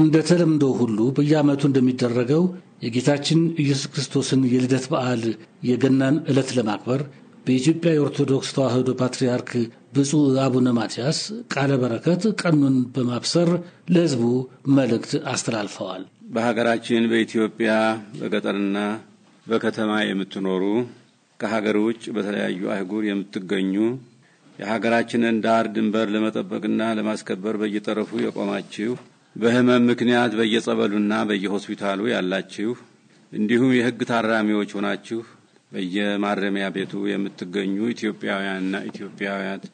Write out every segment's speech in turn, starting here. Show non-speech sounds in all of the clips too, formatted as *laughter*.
እንደ ተለምዶ ሁሉ በየዓመቱ እንደሚደረገው የጌታችን ኢየሱስ ክርስቶስን የልደት በዓል የገናን ዕለት ለማክበር በኢትዮጵያ የኦርቶዶክስ ተዋሕዶ ፓትርያርክ ብፁዕ አቡነ ማትያስ ቃለ በረከት ቀኑን በማብሰር ለሕዝቡ መልእክት አስተላልፈዋል። በሀገራችን በኢትዮጵያ በገጠርና በከተማ የምትኖሩ ከሀገር ውጭ በተለያዩ አህጉር የምትገኙ የሀገራችንን ዳር ድንበር ለመጠበቅና ለማስከበር በየጠረፉ የቆማችሁ በህመም ምክንያት በየጸበሉና በየሆስፒታሉ ያላችሁ እንዲሁም የህግ ታራሚዎች ሆናችሁ በየማረሚያ ቤቱ የምትገኙ ኢትዮጵያውያንና ኢትዮጵያውያት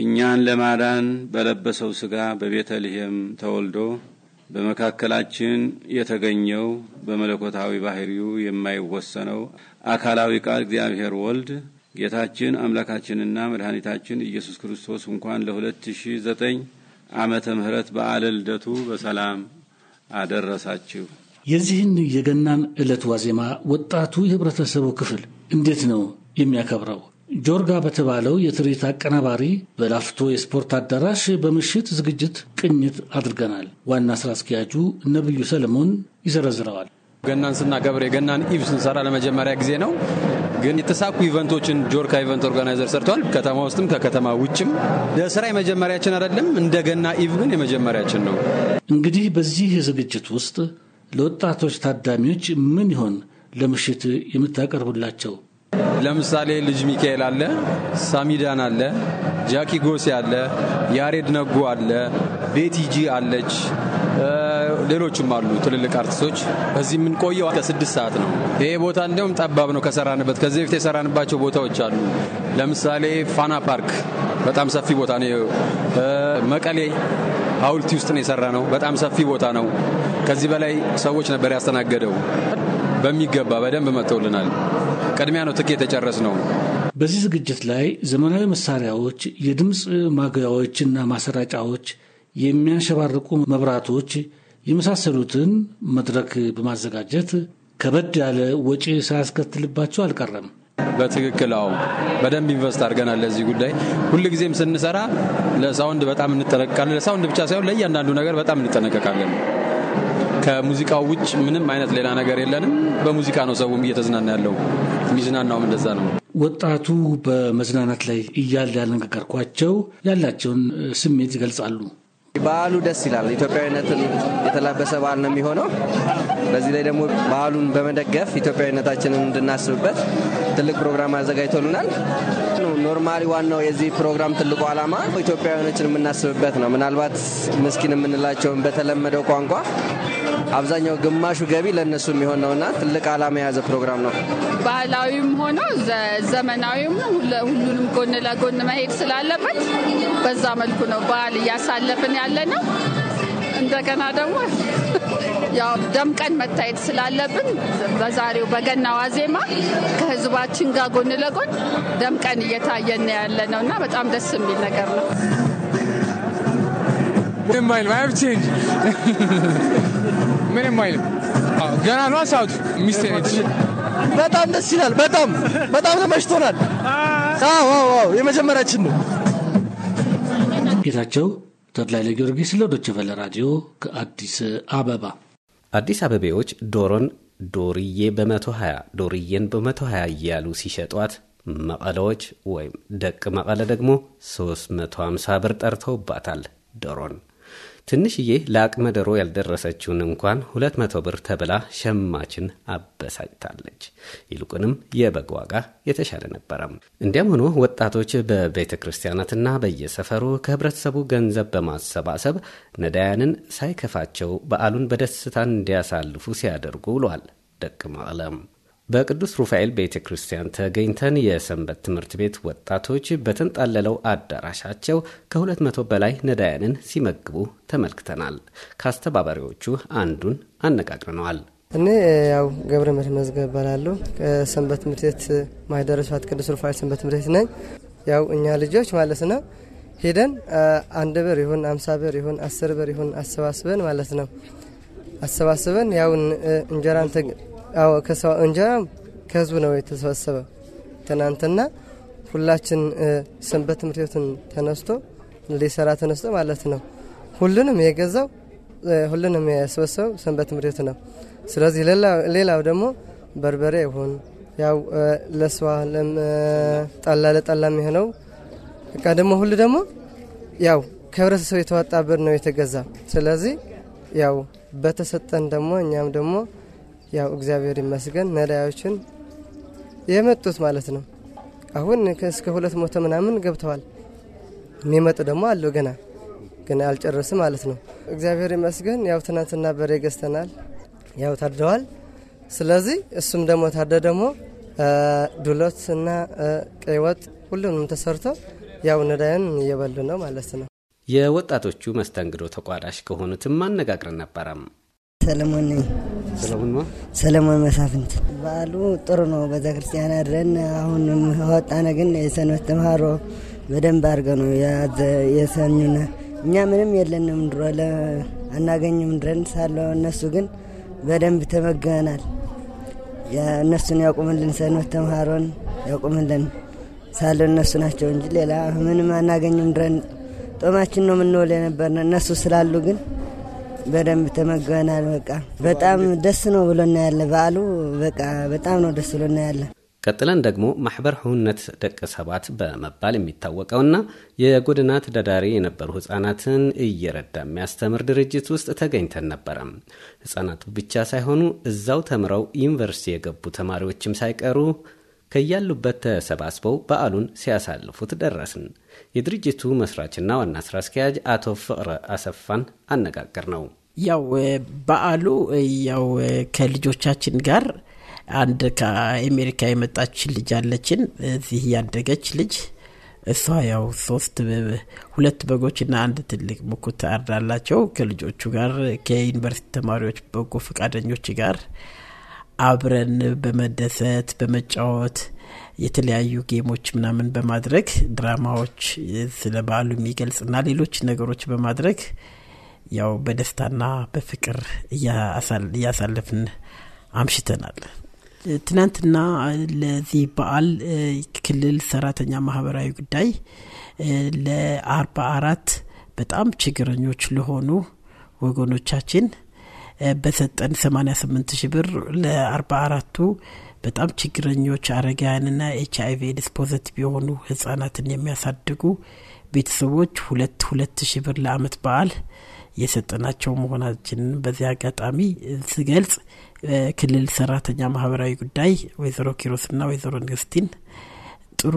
እኛን ለማዳን በለበሰው ስጋ በቤተልሔም ተወልዶ በመካከላችን የተገኘው በመለኮታዊ ባህሪው የማይወሰነው አካላዊ ቃል እግዚአብሔር ወልድ ጌታችን አምላካችንና መድኃኒታችን ኢየሱስ ክርስቶስ እንኳን ለሁለት ሺ ዘጠኝ ዓመተ ምሕረት በዓለ ልደቱ በሰላም አደረሳችሁ። የዚህን የገናን ዕለት ዋዜማ ወጣቱ የህብረተሰቡ ክፍል እንዴት ነው የሚያከብረው? ጆርጋ በተባለው የትርኢት አቀናባሪ በላፍቶ የስፖርት አዳራሽ በምሽት ዝግጅት ቅኝት አድርገናል። ዋና ስራ አስኪያጁ ነቢዩ ሰለሞን ይዘረዝረዋል። ገናን ስናከብር የገናን ኢብ ስንሰራ ለመጀመሪያ ጊዜ ነው። ግን የተሳኩ ኢቨንቶችን ጆርካ ኢቨንት ኦርጋናይዘር ሰርተዋል። ከተማ ውስጥም ከከተማ ውጭም ለስራ የመጀመሪያችን አይደለም። እንደገና ኢቭ ግን የመጀመሪያችን ነው። እንግዲህ በዚህ ዝግጅት ውስጥ ለወጣቶች ታዳሚዎች ምን ይሆን ለምሽት የምታቀርቡላቸው? ለምሳሌ ልጅ ሚካኤል አለ፣ ሳሚዳን አለ፣ ጃኪ ጎሴ አለ፣ ያሬድ ነጉ አለ፣ ቤቲጂ አለች ሌሎችም አሉ ትልልቅ አርቲስቶች። በዚህ የምንቆየው ከስድስት ሰዓት ነው። ይሄ ቦታ እንዲሁም ጠባብ ነው ከሰራንበት። ከዚህ በፊት የሰራንባቸው ቦታዎች አሉ። ለምሳሌ ፋና ፓርክ በጣም ሰፊ ቦታ ነው። መቀሌ ሐውልቲ ውስጥ ነው የሰራ ነው። በጣም ሰፊ ቦታ ነው። ከዚህ በላይ ሰዎች ነበር ያስተናገደው። በሚገባ በደንብ መጥተውልናል። ቅድሚያ ነው ትኬት የጨረስ ነው። በዚህ ዝግጅት ላይ ዘመናዊ መሳሪያዎች፣ የድምፅ ማጉያዎችና ማሰራጫዎች፣ የሚያንሸባርቁ መብራቶች የመሳሰሉትን መድረክ በማዘጋጀት ከበድ ያለ ወጪ ሳያስከትልባቸው አልቀረም። በትክክል አዎ፣ በደንብ ኢንቨስት አድርገናል ለዚህ ጉዳይ። ሁልጊዜም ስንሰራ ለሳውንድ በጣም እንጠነቀቃለን። ለሳውንድ ብቻ ሳይሆን ለእያንዳንዱ ነገር በጣም እንጠነቀቃለን። ከሙዚቃው ውጭ ምንም አይነት ሌላ ነገር የለንም። በሙዚቃ ነው ሰውም እየተዝናና ያለው፣ የሚዝናናውም እንደዛ ነው። ወጣቱ በመዝናናት ላይ እያለ ያነጋገርኳቸው ያላቸውን ስሜት ይገልጻሉ። በዓሉ ደስ ይላል። ኢትዮጵያዊነትን የተላበሰ በዓል ነው የሚሆነው። በዚህ ላይ ደግሞ በዓሉን በመደገፍ ኢትዮጵያዊነታችንን እንድናስብበት ትልቅ ፕሮግራም አዘጋጅቶልናል። ኖርማሊ ዋናው የዚህ ፕሮግራም ትልቁ ዓላማ ኢትዮጵያውያኖችን የምናስብበት ነው። ምናልባት ምስኪን የምንላቸውን በተለመደው ቋንቋ አብዛኛው ግማሹ ገቢ ለእነሱ የሚሆን ነውና ትልቅ ዓላማ የያዘ ፕሮግራም ነው። ባህላዊም ሆነ ዘመናዊም ሁሉንም ጎን ለጎን መሄድ ስላለበት በዛ መልኩ ነው በዓል እያሳለፍን ያለ ነው። እንደገና ደግሞ *laughs* ያው ደምቀን መታየት ስላለብን በዛሬው በገና ዋዜማ ከህዝባችን ጋር ጎን ለጎን ደምቀን እየታየን ያለ ነው እና በጣም ደስ የሚል ነገር ነው። *laughs* *laughs* ምንም አይልም። ገና ነው ሰዓቱ። ሚስቴ ነች። በጣም ደስ ይላል። በጣም በጣም ተመችቶናል። አዎ አዎ፣ የመጀመሪያችን ነው። ጌታቸው ተድላ ለጊዮርጊስ ለዶይቼ ቬለ ራዲዮ ከአዲስ አበባ። አዲስ አበቤዎች ዶሮን ዶርዬ በ120 ዶርዬን በ120 እያሉ ሲሸጧት መቀለዎች ወይም ደቅ መቀለ ደግሞ 350 ብር ጠርተውባታል ዶሮን። ትንሽዬ ለአቅመ ደሮ ያልደረሰችውን እንኳን ሁለት መቶ ብር ተብላ ሸማችን አበሳጭታለች። ይልቁንም የበግ ዋጋ የተሻለ ነበረም። እንዲያም ሆኖ ወጣቶች በቤተ ክርስቲያናትና በየሰፈሩ ከህብረተሰቡ ገንዘብ በማሰባሰብ ነዳያንን ሳይከፋቸው በዓሉን በደስታ እንዲያሳልፉ ሲያደርጉ ውሏል። ደቅ መቅለም በቅዱስ ሩፋኤል ቤተ ክርስቲያን ተገኝተን የሰንበት ትምህርት ቤት ወጣቶች በተንጣለለው አዳራሻቸው ከ200 በላይ ነዳያንን ሲመግቡ ተመልክተናል። ከአስተባባሪዎቹ አንዱን አነጋግረነዋል። እኔ ያው ገብረ መድህን መዝገብ እባላለሁ። ከሰንበት ትምህርት ቤት ማይደረሻት ቅዱስ ሩፋኤል ሰንበት ትምህርት ቤት ነኝ። ያው እኛ ልጆች ማለት ነው ሄደን አንድ ብር ይሁን አምሳ ብር ይሁን አስር ብር ይሁን አሰባስበን ማለት ነው አሰባስበን ያው እንጀራን አዎ ከሰው ከህዝቡ ነው የተሰበሰበ። ትናንትና ሁላችን ሰንበት ትምህርት ተነስቶ ሊሰራ ተነስቶ ማለት ነው ሁሉንም የገዛው ሁሉንም የሰበሰበው ሰንበት ትምህርት ቤት ነው። ስለዚህ ሌላው ደግሞ በርበሬ ይሁን ያው ለስዋ ጠላ ለጠላ የሚሆነው በቃ ደግሞ ሁሉ ደግሞ ያው ከህብረተሰቡ የተዋጣ ብር ነው የተገዛ። ስለዚህ ያው በተሰጠን ደግሞ እኛም ደግሞ ያው እግዚአብሔር ይመስገን ነዳዮችን የመጡት ማለት ነው። አሁን እስከ ሁለት መቶ ምናምን ገብተዋል። የሚመጡ ደግሞ አሉ ገና ግን አልጨረስም ማለት ነው። እግዚአብሔር ይመስገን ያው ትናንትና በሬ ገዝተናል። ያው ታድደዋል። ስለዚህ እሱም ደግሞ ታደ ደግሞ ዱሎት እና ቀይ ወጥ ሁሉንም ተሰርቶ ያው ነዳያን እየበሉ ነው ማለት ነው። የወጣቶቹ መስተንግዶ ተቋዳሽ ከሆኑትም አነጋግረን ነበረም። ሰለሞን ነኝ። ሰለሞን ማ ሰለሞን መሳፍንት። በዓሉ ጥሩ ነው። ቤተ ክርስቲያን አድረን አሁን ወጣነ። ግን የሰንበት ተምሃሮ በደንብ አድርገ ነው የሰኙነ። እኛ ምንም የለንም ድሮ አናገኝም ድረን ሳለው እነሱ ግን በደንብ ተመገናል። እነሱን ያቁምልን፣ ሰንበት ተምሃሮን ያቁምልን ሳለው እነሱ ናቸው እንጂ ሌላ ምንም አናገኝም ድረን ጦማችን ነው የምንውል የነበርነ እነሱ ስላሉ ግን በደንብ ተመግበናል በቃ በጣም ደስ ነው ብሎና ያለ በዓሉ በቃ በጣም ነው ደስ ብሎና ያለ። ቀጥለን ደግሞ ማሕበር ህውነት ደቂ ሰባት በመባል የሚታወቀውና የጎድና ተዳዳሪ የነበሩ ህጻናትን እየረዳ የሚያስተምር ድርጅት ውስጥ ተገኝተን ነበረም። ህጻናቱ ብቻ ሳይሆኑ እዛው ተምረው ዩኒቨርሲቲ የገቡ ተማሪዎችም ሳይቀሩ ከያሉበት ተሰባስበው በዓሉን ሲያሳልፉት ደረስን። የድርጅቱ መስራችና ዋና ስራ አስኪያጅ አቶ ፍቅረ አሰፋን አነጋገር ነው። ያው በዓሉ ያው ከልጆቻችን ጋር አንድ ከአሜሪካ የመጣች ልጅ አለችን፣ እዚህ ያደገች ልጅ እሷ ያው ሶስት ሁለት በጎችና አንድ ትልቅ ምኩት አርዳላቸው ከልጆቹ ጋር ከዩኒቨርሲቲ ተማሪዎች በጎ ፈቃደኞች ጋር አብረን በመደሰት በመጫወት የተለያዩ ጌሞች ምናምን በማድረግ ድራማዎች ስለ በዓሉ የሚገልጽና ሌሎች ነገሮች በማድረግ ያው በደስታና በፍቅር እያሳለፍን አምሽተናል። ትናንትና ለዚህ በዓል ክልል ሰራተኛ ማህበራዊ ጉዳይ ለአርባ አራት በጣም ችግረኞች ለሆኑ ወገኖቻችን በሰጠን 88 ሺ ብር ለ44ቱ በጣም ችግረኞች አረጋውያንና ኤች አይቪ ኤድስ ፖዘቲቭ የሆኑ ህጻናትን የሚያሳድጉ ቤተሰቦች ሁለት ሁለት ሺ ብር ለአመት በዓል የሰጠናቸው መሆናችንን በዚህ አጋጣሚ ስገልጽ ክልል ሰራተኛ ማህበራዊ ጉዳይ ወይዘሮ ኪሮስና ወይዘሮ ንግስቲን ጥሩ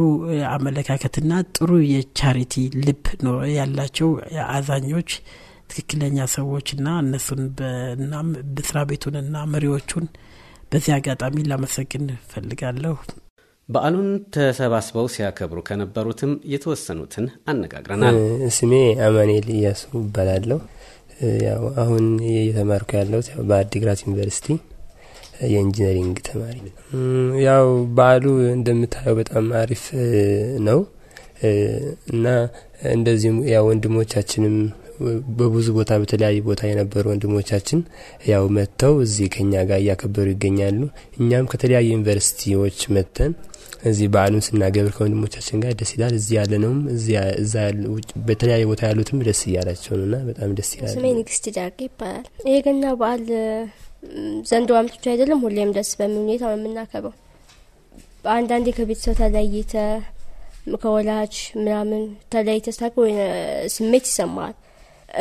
አመለካከትና ጥሩ የቻሪቲ ልብ ያላቸው አዛኞች ትክክለኛ ሰዎችና እነሱን በና ስራ ቤቱንና መሪዎቹን በዚህ አጋጣሚ ላመሰግን ፈልጋለሁ። በዓሉን ተሰባስበው ሲያከብሩ ከነበሩትም የተወሰኑትን አነጋግረናል። ስሜ አማኑኤል እያሱ እባላለሁ። ያው አሁን እየተማርኩ ያለሁት በአዲግራት ዩኒቨርሲቲ የኢንጂነሪንግ ተማሪ ነው። ያው በዓሉ እንደምታየው በጣም አሪፍ ነው እና እንደዚሁም ያው ወንድሞቻችንም በብዙ ቦታ በተለያዩ ቦታ የነበሩ ወንድሞቻችን ያው መጥተው እዚህ ከኛ ጋር እያከበሩ ይገኛሉ። እኛም ከተለያዩ ዩኒቨርሲቲዎች መጥተን እዚህ በዓሉን ስናገብር ከወንድሞቻችን ጋር ደስ ይላል። እዚህ ያለ ነውም በተለያየ ቦታ ያሉትም ደስ እያላቸው ነውና በጣም ደስ ይላል። ስሜ ንግስት ዳርጌ ይባላል። የገና በዓል ዘንድሮ ዓመት ብቻ አይደለም፣ ሁሌም ደስ በሚል ሁኔታ ነው የምናከብረው። አንዳንዴ ከቤተሰብ ተለይተ ከወላጅ ምናምን ተለይተ ስሜት ይሰማል።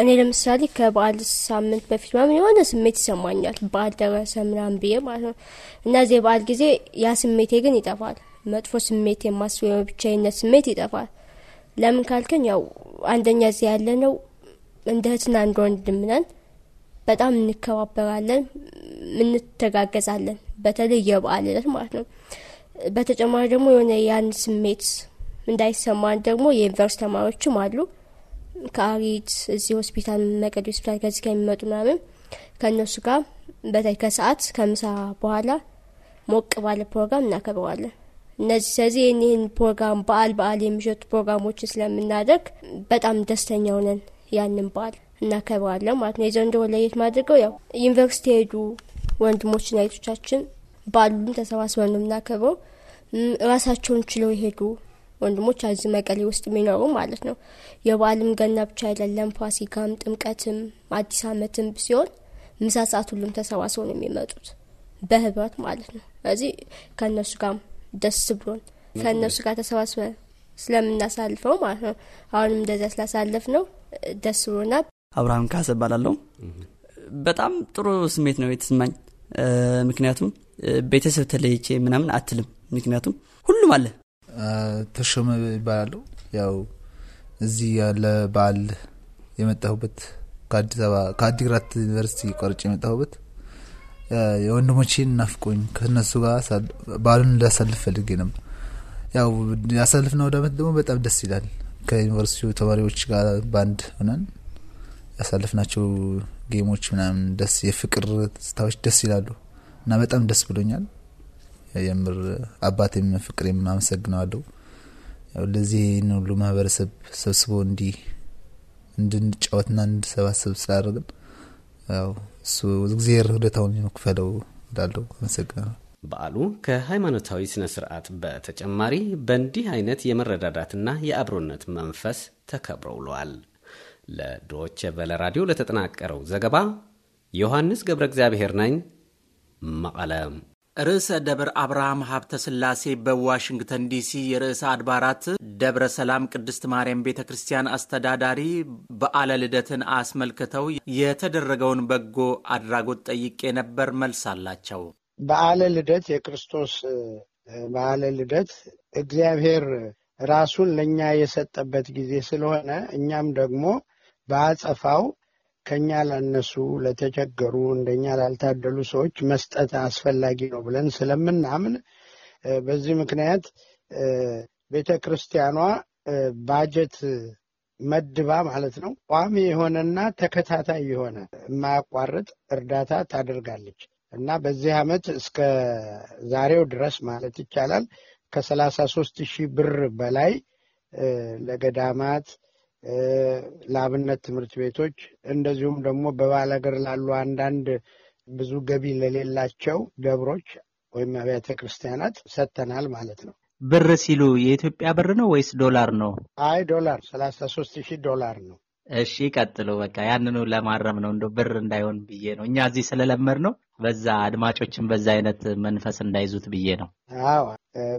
እኔ ለምሳሌ ከበዓል ሳምንት በፊት ምናምን የሆነ ስሜት ይሰማኛል፣ በዓል ደረሰ ምናምን ብዬ ማለት ነው። እና እዚህ የበዓል ጊዜ ያ ስሜቴ ግን ይጠፋል። መጥፎ ስሜት የማስብ የብቻይነት ስሜት ይጠፋል። ለምን ካልከኝ ያው አንደኛ እዚህ ያለ ነው እንደ እህትና እንደ ወንድም ነን። በጣም እንከባበራለን፣ እንተጋገዛለን። በተለይ የበዓል ዕለት ማለት ነው። በተጨማሪ ደግሞ የሆነ ያን ስሜት እንዳይሰማን ደግሞ የዩኒቨርስቲ ተማሪዎችም አሉ ከአሪት እዚህ ሆስፒታል መቀዲ ሆስፒታል ከዚህ ጋር የሚመጡ ምናምን ከእነሱ ጋር በተለይ ከሰዓት ከምሳ በኋላ ሞቅ ባለ ፕሮግራም እናከብረዋለን። እነዚህ ስለዚህ ይህን ፕሮግራም በዓል በዓል የሚሸጡ ፕሮግራሞችን ስለምናደርግ በጣም ደስተኛ ሆነን ያንን በዓል እናከብረዋለን ማለት ነው። የዘንድሮ ለየት ማድርገው ያው ዩኒቨርሲቲ የሄዱ ወንድሞችና እህቶቻችን ባሉን ተሰባስበን ነው የምናከብረው። ራሳቸውን ችለው የሄዱ ወንድሞች እዚህ መቀሌ ውስጥ የሚኖሩ ማለት ነው። የበዓልም ገና ብቻ አይደለም፣ ፋሲካም፣ ጥምቀትም፣ አዲስ ዓመትም ሲሆን ምሳ ሰዓት ሁሉም ተሰባስበው ነው የሚመጡት በህብረት ማለት ነው። ስለዚህ ከእነሱ ጋር ደስ ብሎን ከእነሱ ጋር ተሰባስበ ስለምናሳልፈው ማለት ነው። አሁንም እንደዚያ ስላሳለፍ ነው ደስ ብሎና። አብርሃም ካሰ እባላለሁ። በጣም ጥሩ ስሜት ነው የተሰማኝ። ምክንያቱም ቤተሰብ ተለይቼ ምናምን አትልም። ምክንያቱም ሁሉም አለ ተሾመ ይባላለሁ። ያው እዚህ ያለ በዓል የመጣሁበት ከአዲስ አበባ ከአዲግራት ዩኒቨርሲቲ ቆርጬ የመጣሁበት የወንድሞቼን ናፍቆኝ ከነሱ ጋር በዓሉን እንዳሳልፍ ፈልጌ ነው። ያው ያሳልፍ ነው ዓመት ደግሞ በጣም ደስ ይላል። ከዩኒቨርሲቲው ተማሪዎች ጋር ባንድ ሆነን ያሳልፍናቸው ጌሞች ምናምን ደስ የፍቅር ስታዎች ደስ ይላሉ እና በጣም ደስ ብሎኛል። የምር አባቴም ፍቅሬም አመሰግነዋለሁ። ያው ለዚህ ሁሉ ማህበረሰብ ሰብስቦ እንዲህ እንድንጫወትና እንድሰባሰብ ስላደረግን ያው እሱ እግዚአብሔር ሁለታውን የመክፈለው እንዳለው አመሰግናለሁ። በዓሉ ከሃይማኖታዊ ስነ ስርዓት በተጨማሪ በእንዲህ አይነት የመረዳዳትና የአብሮነት መንፈስ ተከብሮ ውሏል። ለዶች በለ ራዲዮ ለተጠናቀረው ዘገባ ዮሐንስ ገብረ እግዚአብሔር ነኝ መቐለም ርዕሰ ደብር አብርሃም ሀብተ ስላሴ በዋሽንግተን ዲሲ የርዕሰ አድባራት ደብረ ሰላም ቅድስት ማርያም ቤተ ክርስቲያን አስተዳዳሪ በዓለ ልደትን አስመልክተው የተደረገውን በጎ አድራጎት ጠይቄ ነበር። መልስ አላቸው። በዓለ ልደት የክርስቶስ በዓለ ልደት እግዚአብሔር ራሱን ለእኛ የሰጠበት ጊዜ ስለሆነ እኛም ደግሞ በአጸፋው ከኛ ላነሱ ለተቸገሩ እንደኛ ላልታደሉ ሰዎች መስጠት አስፈላጊ ነው ብለን ስለምናምን በዚህ ምክንያት ቤተ ክርስቲያኗ ባጀት መድባ ማለት ነው ቋሚ የሆነና ተከታታይ የሆነ የማያቋርጥ እርዳታ ታደርጋለች እና በዚህ ዓመት እስከ ዛሬው ድረስ ማለት ይቻላል ከሰላሳ ሶስት ሺህ ብር በላይ ለገዳማት ለአብነት ትምህርት ቤቶች እንደዚሁም ደግሞ በባላገር ላሉ አንዳንድ ብዙ ገቢ ለሌላቸው ደብሮች ወይም አብያተ ክርስቲያናት ሰጥተናል ማለት ነው። ብር ሲሉ የኢትዮጵያ ብር ነው ወይስ ዶላር ነው? አይ ዶላር ሰላሳ ሶስት ሺህ ዶላር ነው። እሺ ቀጥሎ በቃ ያንኑ ለማረም ነው እንደ ብር እንዳይሆን ብዬ ነው። እኛ እዚህ ስለለመድ ነው በዛ አድማጮችን በዛ አይነት መንፈስ እንዳይዙት ብዬ ነው። አዎ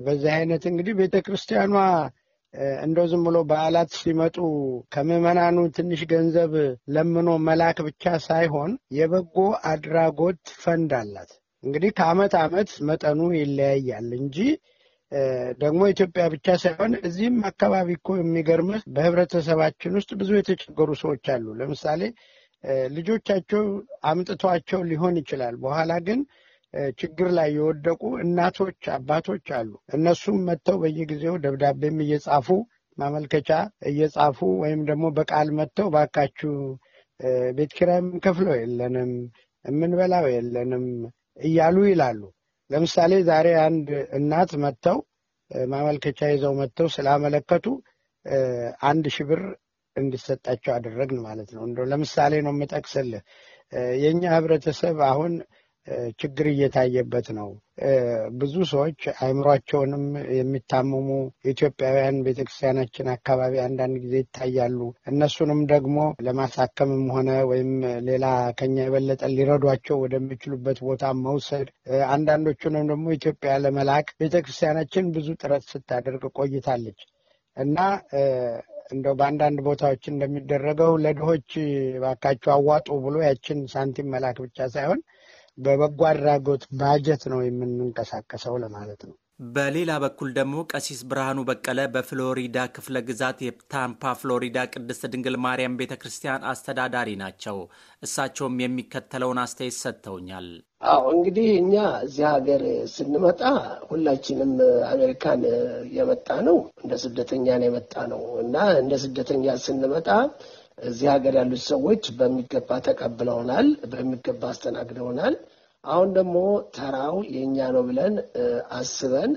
በዛ አይነት እንግዲህ ቤተ ክርስቲያኗ እንደው ዝም ብሎ በዓላት ሲመጡ ከምዕመናኑ ትንሽ ገንዘብ ለምኖ መላክ ብቻ ሳይሆን የበጎ አድራጎት ፈንድ አላት። እንግዲህ ከዓመት ዓመት መጠኑ ይለያያል እንጂ ደግሞ ኢትዮጵያ ብቻ ሳይሆን እዚህም አካባቢ እኮ የሚገርምህ በህብረተሰባችን ውስጥ ብዙ የተቸገሩ ሰዎች አሉ። ለምሳሌ ልጆቻቸው አምጥቷቸው ሊሆን ይችላል። በኋላ ግን ችግር ላይ የወደቁ እናቶች፣ አባቶች አሉ። እነሱም መጥተው በየጊዜው ደብዳቤም እየጻፉ ማመልከቻ እየጻፉ ወይም ደግሞ በቃል መጥተው ባካችሁ ቤት ኪራይ የምንከፍለው የለንም የምንበላው የለንም እያሉ ይላሉ። ለምሳሌ ዛሬ አንድ እናት መጥተው ማመልከቻ ይዘው መጥተው ስላመለከቱ አንድ ሺህ ብር እንዲሰጣቸው አደረግን ማለት ነው። እንደው ለምሳሌ ነው የምጠቅስልህ። የእኛ ህብረተሰብ አሁን ችግር እየታየበት ነው። ብዙ ሰዎች አይምሯቸውንም የሚታመሙ ኢትዮጵያውያን ቤተክርስቲያናችን አካባቢ አንዳንድ ጊዜ ይታያሉ። እነሱንም ደግሞ ለማሳከምም ሆነ ወይም ሌላ ከኛ የበለጠ ሊረዷቸው ወደሚችሉበት ቦታ መውሰድ፣ አንዳንዶቹንም ደግሞ ኢትዮጵያ ለመላክ ቤተክርስቲያናችን ብዙ ጥረት ስታደርግ ቆይታለች እና እንደው በአንዳንድ ቦታዎች እንደሚደረገው ለድሆች ባካቸው አዋጡ ብሎ ያችን ሳንቲም መላክ ብቻ ሳይሆን በበጎ አድራጎት ባጀት ነው የምንንቀሳቀሰው ለማለት ነው። በሌላ በኩል ደግሞ ቀሲስ ብርሃኑ በቀለ በፍሎሪዳ ክፍለ ግዛት የታምፓ ፍሎሪዳ ቅድስት ድንግል ማርያም ቤተ ክርስቲያን አስተዳዳሪ ናቸው። እሳቸውም የሚከተለውን አስተያየት ሰጥተውኛል። አዎ እንግዲህ እኛ እዚህ ሀገር ስንመጣ ሁላችንም አሜሪካን የመጣ ነው እንደ ስደተኛ ነው የመጣ ነው እና እንደ ስደተኛ ስንመጣ እዚህ ሀገር ያሉት ሰዎች በሚገባ ተቀብለውናል፣ በሚገባ አስተናግደውናል። አሁን ደግሞ ተራው የእኛ ነው ብለን አስበን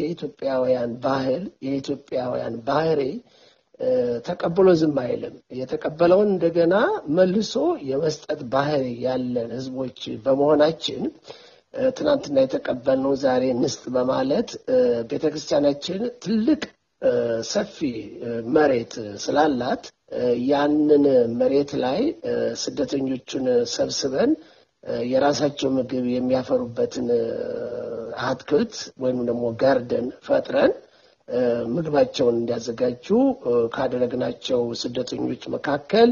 የኢትዮጵያውያን ባህል የኢትዮጵያውያን ባህሬ ተቀብሎ ዝም አይልም። የተቀበለውን እንደገና መልሶ የመስጠት ባህሪ ያለን ህዝቦች በመሆናችን ትናንትና የተቀበልነው ዛሬ ንስጥ በማለት ቤተክርስቲያናችን ትልቅ ሰፊ መሬት ስላላት ያንን መሬት ላይ ስደተኞቹን ሰብስበን የራሳቸው ምግብ የሚያፈሩበትን አትክልት ወይም ደግሞ ጋርደን ፈጥረን ምግባቸውን እንዲያዘጋጁ ካደረግናቸው ስደተኞች መካከል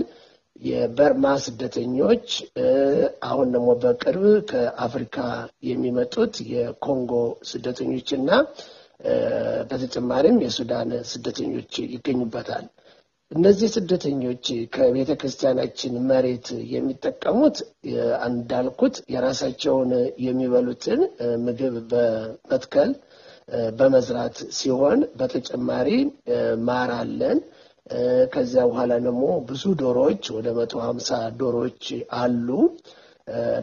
የበርማ ስደተኞች፣ አሁን ደግሞ በቅርብ ከአፍሪካ የሚመጡት የኮንጎ ስደተኞች እና በተጨማሪም የሱዳን ስደተኞች ይገኙበታል። እነዚህ ስደተኞች ከቤተ ክርስቲያናችን መሬት የሚጠቀሙት እንዳልኩት የራሳቸውን የሚበሉትን ምግብ በመትከል በመዝራት ሲሆን በተጨማሪ ማር አለን። ከዚያ በኋላ ደግሞ ብዙ ዶሮዎች ወደ መቶ ሀምሳ ዶሮዎች አሉ።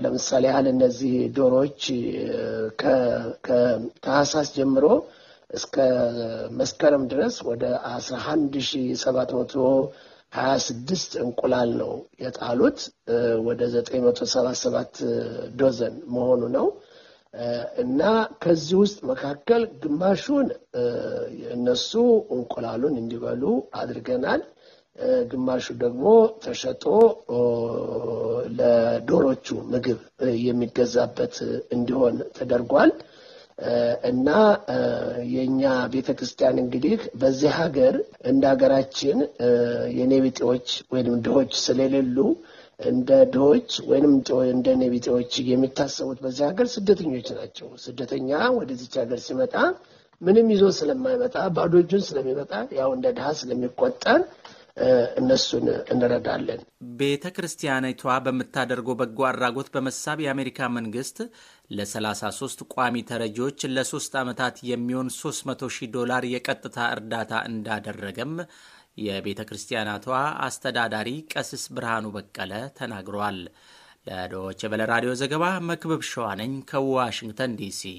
ለምሳሌ ያህል እነዚህ ዶሮዎች ከታህሳስ ጀምሮ እስከ መስከረም ድረስ ወደ 11726 እንቁላል ነው የጣሉት። ወደ 977 ዶዘን መሆኑ ነው እና ከዚህ ውስጥ መካከል ግማሹን እነሱ እንቁላሉን እንዲበሉ አድርገናል። ግማሹ ደግሞ ተሸጦ ለዶሮቹ ምግብ የሚገዛበት እንዲሆን ተደርጓል። እና የእኛ ቤተ ክርስቲያን እንግዲህ በዚህ ሀገር እንደ ሀገራችን የኔ ቢጤዎች ወይም ድሆች ስለሌሉ እንደ ድሆች ወይም እንደ እኔ ቢጤዎች የሚታሰቡት በዚህ ሀገር ስደተኞች ናቸው። ስደተኛ ወደዚች ሀገር ሲመጣ ምንም ይዞ ስለማይመጣ ባዶ እጁን ስለሚመጣ ያው እንደ ድሃ ስለሚቆጠር እነሱን እንረዳለን። ቤተ ክርስቲያኒቷ በምታደርገው በጎ አድራጎት በመሳብ የአሜሪካ መንግስት ለ33 ቋሚ ተረጂዎች ለሶስት ዓመታት የሚሆን 300 ሺህ ዶላር የቀጥታ እርዳታ እንዳደረገም የቤተ ክርስቲያናቷ አስተዳዳሪ ቀሲስ ብርሃኑ በቀለ ተናግረዋል። ለዶይቼ ቬለ ራዲዮ ዘገባ መክብብ ሸዋነኝ ከዋሽንግተን ዲሲ